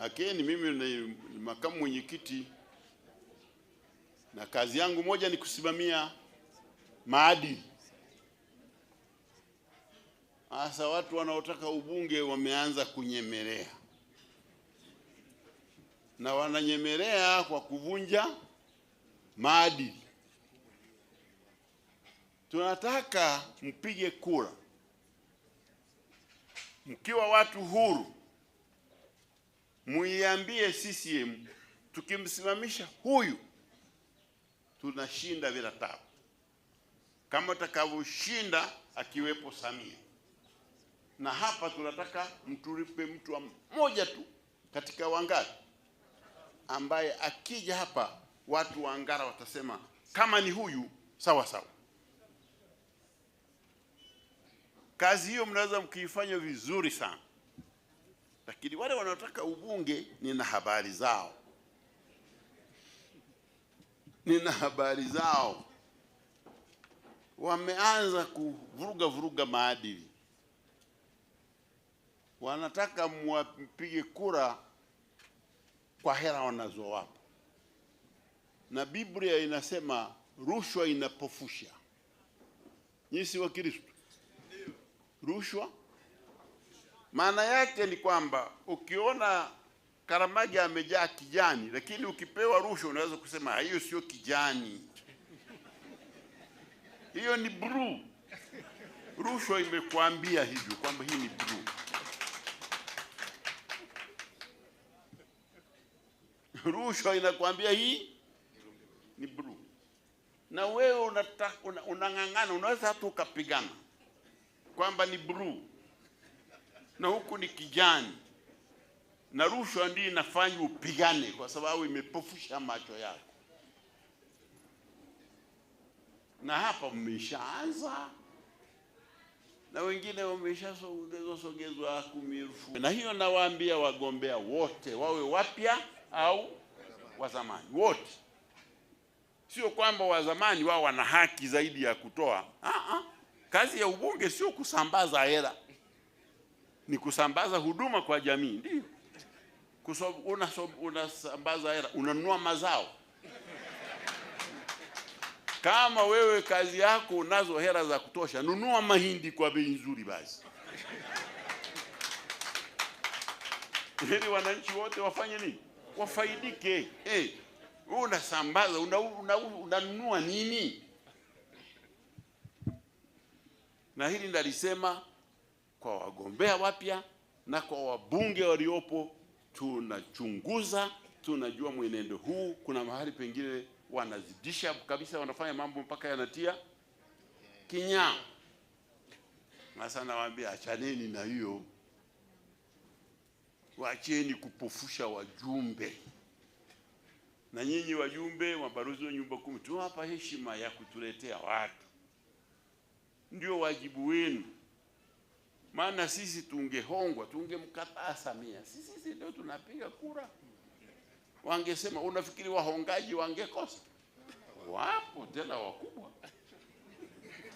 Lakini mimi ni makamu mwenyekiti na kazi yangu moja ni kusimamia maadili. Sasa watu wanaotaka ubunge wameanza kunyemelea na wananyemelea kwa kuvunja maadili. Tunataka mpige kura mkiwa watu huru muiambie CCM tukimsimamisha huyu tunashinda bila tabu, kama atakavyoshinda akiwepo Samia. Na hapa tunataka mturipe mtu mmoja tu katika Wangara ambaye akija hapa watu wa Ngara watasema kama ni huyu sawa sawa. Kazi hiyo mnaweza mkiifanya vizuri sana lakini wale wanaotaka ubunge nina habari zao, nina habari zao. Wameanza kuvuruga vuruga maadili, wanataka mwapige kura kwa hela wanazowapa, na Biblia inasema rushwa inapofusha. Nyinyi si Kristo? Rushwa maana yake ni kwamba ukiona karamagi amejaa kijani, lakini ukipewa rushwa unaweza kusema ah, hiyo sio kijani, hiyo ni bluu. Rushwa imekwambia hivyo kwamba hii ni bluu. Rushwa inakwambia hii ni bluu, na wewe unang'ang'ana, unaweza hata ukapigana kwamba ni bluu na huku ni kijani, na rushwa ndio inafanya upigane, kwa sababu imepofusha macho yako, na hapa mmeshaanza na wengine wameshasogezwa sogezwa kumi elfu. Na hiyo nawaambia wagombea wote wawe wapya au wazamani wote, sio kwamba wazamani wao wana haki zaidi ya kutoa. Aa, ah, ah. kazi ya ubunge sio kusambaza hela ni kusambaza huduma kwa jamii, ndio unasambaza hela, unanunua mazao. Kama wewe kazi yako unazo hela za kutosha, nunua mahindi kwa bei nzuri basi, ili wananchi wote wafanye nini? Wafaidike. Eh, wewe unasambaza, unanunua nini? Na hili ndalisema kwa wagombea wapya na kwa wabunge waliopo. Tunachunguza, tunajua mwenendo huu, kuna mahali pengine wanazidisha kabisa, wanafanya mambo mpaka yanatia kinyaa. Sasa nawaambia achaneni na hiyo, wacheni kupofusha wajumbe. Na nyinyi wajumbe, mabalozi wa nyumba kumi, tunawapa heshima ya kutuletea watu, ndio wajibu wenu maana sisi tungehongwa, tungemkataa Samia. Sisi sisi ndio tunapiga kura, wangesema. Unafikiri wahongaji wangekosa? Wapo tena wakubwa.